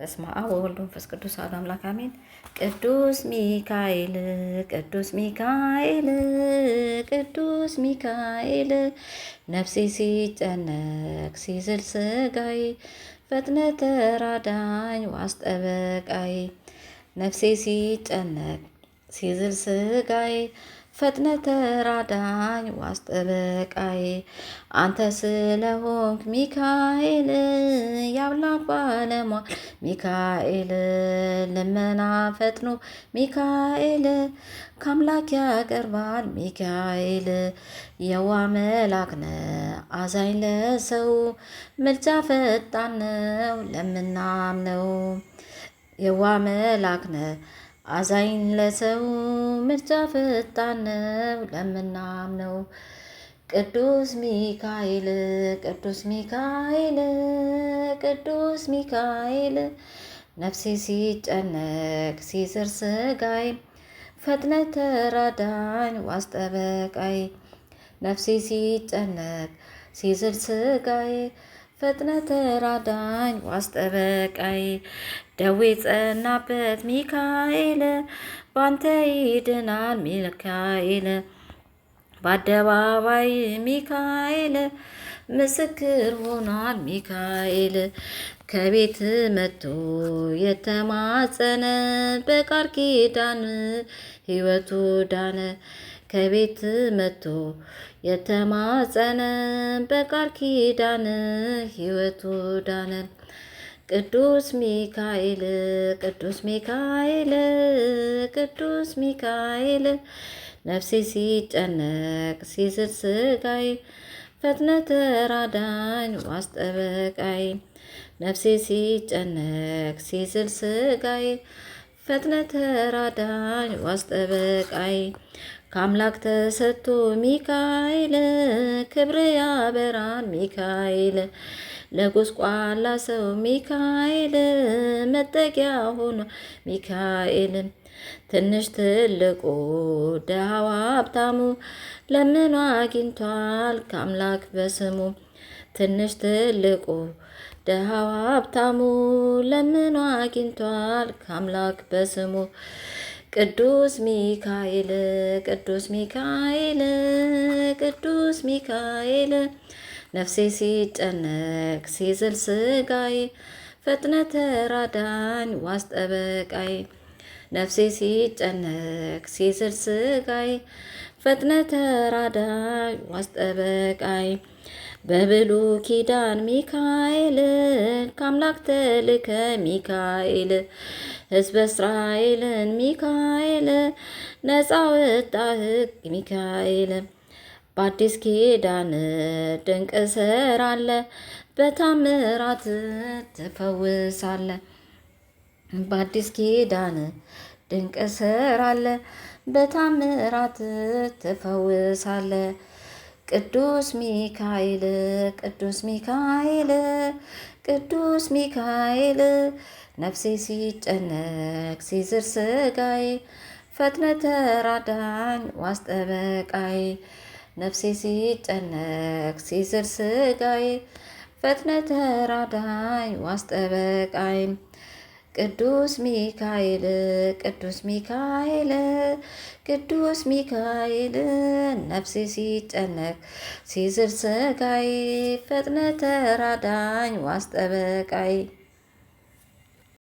በስመ አብ ወወልድ ወመንፈስ ቅዱስ አሐዱ አምላክ አሜን። ቅዱስ ሚካኤል ቅዱስ ሚካኤል ቅዱስ ሚካኤል ነፍሴ ሲጨነቅ ሲዝል ስጋይ ፈጥነ ተራዳኝ ዋስ ነፍሴ ሲጨነቅ ሲዝል ስጋይ ፈጥነ ተራዳኝ ዋስ ጠበቃዬ አንተ ስለሆንክ ሚካኤል ያብላ ባለሟል ሚካኤል ልመና ፈጥኖ ሚካኤል ከአምላክ ያቀርባል ሚካኤል የዋ መላክ ነው አዛኝ ለሰው ምልጃ ፈጣን ነው ለምናምነው የዋ መላክ ነው አዛኝ ለሰው ምርጫ ፈጣን ነው ለምናም ነው! ቅዱስ ሚካኤል ቅዱስ ሚካኤል ቅዱስ ሚካኤል ነፍሴ ሲጨነቅ ሲዝር ስጋይ ፈጥነ ተራዳኝ ዋስጠበቃይ ነፍሴ ሲጨነቅ ሲዝር ስጋይ ፈጥነ ተራዳኝ ዋስ ጠበቃይ ደዌ ጸናበት ሚካኤል ባንተ ይድናል ሚካኤል በአደባባይ ሚካኤል ምስክር ሆኗል ሚካኤል ከቤት መጥቶ የተማጸነ በቃል ኪዳን ሕይወቱ ዳነ። ከቤት መጥቶ የተማፀነ በቃል ኪዳን ሕይወቱ ዳነ። ቅዱስ ሚካኤል ቅዱስ ሚካኤል ቅዱስ ሚካኤል ነፍሴ ሲጨነቅ ሲዝል ስጋዬ ፈጥነ ተራዳኝ ዋስጠበቃይ ነፍሴ ሲጨነቅ ሲዝል ስጋዬ ፈጥነ ተራዳኝ ዋስጠበቃይ ከአምላክ ተሰጥቶ ሚካኤል ክብር ያበራን ሚካኤል ለጎስቋላ ሰው ሚካኤል መጠጊያ ሆኖ ሚካኤል ትንሽ ትልቁ ደሃዋ ሀብታሙ ለምኗ አግኝቷል ከአምላክ በስሙ ትንሽ ትልቁ ደሃዋ ሀብታሙ ለምኗ አግኝቷል ከአምላክ በስሙ ቅዱስ ሚካኤል ቅዱስ ሚካኤል ቅዱስ ሚካኤል ነፍሴ ሲጨነቅ ሲዝል ስጋይ ፈጥነ ተራዳኝ ዋስ ጠበቃይ ነፍሴ ሲጨነቅ ሲዝል ስጋይ ፈጥነ ተራዳኝ ዋስ ጠበቃይ በብሉ ኪዳን ሚካኤል ከአምላክ ተልከ ሚካኤል ሕዝበ እስራኤልን ሚካኤል ነፃ ወጣ ሚካኤል በአዲስ ኪዳን ድንቅ ስራለ በታምራት ትፈውሳለ በአዲስ ኪዳን ድንቅ ስራለ በታምራት ትፈውሳለ ቅዱስ ሚካኤል ቅዱስ ሚካኤል ቅዱስ ሚካኤል ነፍሴ ሲጨነቅ ሲዝር ስጋዬ ፈጥነ ተራዳኝ ዋስ ነፍሴ ሲጨነቅ ሲዝር ስጋዬ ፈጥነ ተራዳኝ ዋስ ቅዱስ ሚካኤል ቅዱስ ሚካኤል ቅዱስ ሚካኤል ነፍሴ ሲጨነቅ ሲዝል ስጋዬ ፈጥነ ተራዳኝ ዋስጠበቃይ